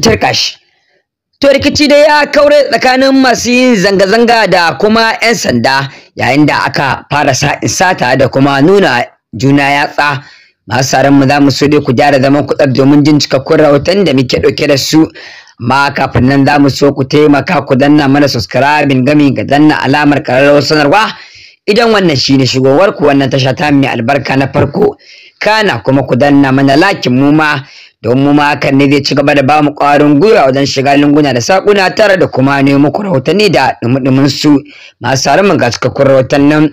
cirka shi to rikici dai ya kaure tsakanin masu yin zanga-zanga da kuma 'yan sanda yayin da aka fara sata da kuma nuna juna yatsa masu tsaron mu za mu so dai ku gyara zaman kuɗar domin jin cikakkun rahoton da muke ɗauke da su Ma kafin nan za mu so ku taimaka ku danna mana subscribing gami ga danna alamar ƙararrawar sanarwa idan wannan shine shigowar ku wannan tasha ta mai albarka na farko kana kuma ku danna mana lakin mu ma don mu ma hakan ne zai ci gaba da bamu ƙwarin gwiwa wajen shiga lunguna da sakuna tare da kuma ne muku rahotanni da dumudumin su masu haramun ga cikakkun rahotannin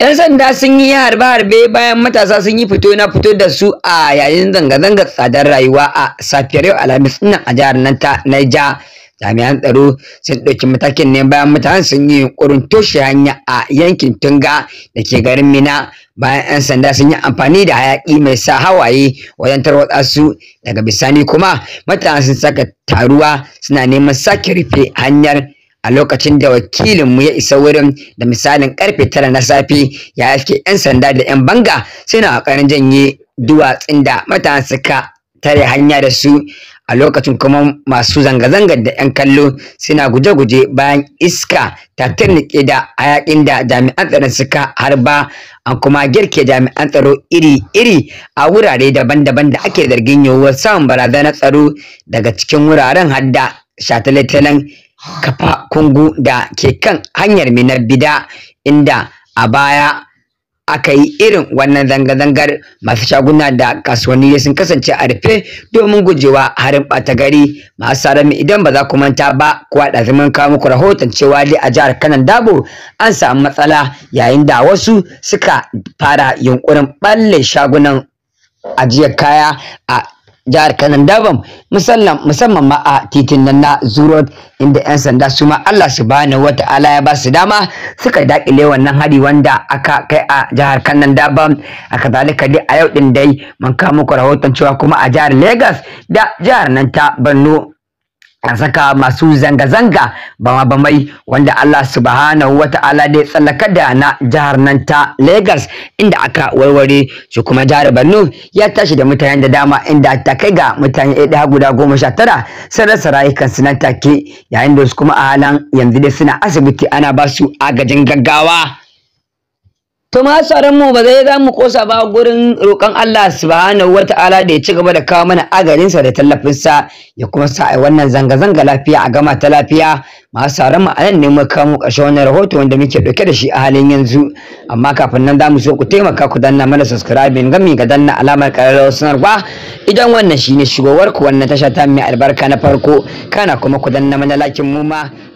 yan sanda sun yi harbe-harbe bayan matasa sun yi fito na fito da su a yayin zanga-zangar tsadar rayuwa a safiyar yau alhamis nan a jihar nan ta naija jami'an tsaro sun ɗauki matakin ne bayan mutanen sun yi yunkurin toshe hanya a yankin tunga da ke garin mina bayan 'yan sanda sun yi amfani da hayaƙi mai sa hawaye wajen tarwatsa su daga bisani kuma mutanen sun saka taruwa suna neman sake rufe hanyar a lokacin da wakilin mu ya isa wurin da misalin karfe tara na safe ya yake 'yan sanda da 'yan banga suna ƙoƙarin janye duwatsun da matasan suka tare hanya da su a lokacin kuma masu zanga-zangar da 'yan kallo suna guje-guje bayan iska ta turnike da hayakin da jami'an tsaron suka harba an kuma girke jami'an tsaro iri-iri a wurare daban-daban da ake zargin yiwuwar samun barazanar tsaro daga cikin wuraren hadda shataletalen kafa kungu da ke kan hanyar minar bida inda a baya aka yi irin wannan zanga-zangar masu shaguna da kasuwanni sun kasance a rufe domin gujewa harin ɓata gari masu sarami idan ba za ku manta ba ko da zaman kawo muku rahoton cewa dai a jihar kanan dabo an samu matsala yayin da wasu suka fara yunkurin ɓalle shagunan ajiyar kaya a jihar kanan Dabam musamman musamman ma a titin nan na Zurot inda yan sanda su ma Allah subhanahu wata'ala ya basu dama suka dakile wannan hari wanda aka kai a jihar kanan Dabam a kazalika dai a yau din dai mun kawo muku rahoton cewa kuma a jihar Legas da jihar nan ta Borno a saka masu zanga-zanga bama-bamai wanda Allah subhanahu wa ta'ala da ya tsallaka da na jihar nan ta Lagos inda aka warware shi kuma jihar Borno ya tashi da mutanen da dama inda ta kai ga mutane ɗaya guda goma sha tara sun rasa rayukansu nan take yayin da su kuma a halan yanzu dai suna asibiti ana ba su agajin gaggawa. To ma mu ba zai za mu kosa ba gurin roƙon Allah subhanahu wa da ya ci gaba da kawo mana sa da tallafin sa ya kuma sa ai wannan zanga-zanga lafiya a gama ta lafiya ma tsaron mu a nan ne mu kawo ƙarshen wannan rahoto wanda muke ɗauke da shi a halin yanzu amma kafin nan za mu so ku taimaka ku danna mana subscribing gami ga danna alamar ƙararrawar sanarwa idan wannan shine shigowar ku wannan tasha ta mai albarka na farko kana kuma ku danna mana lakin mu ma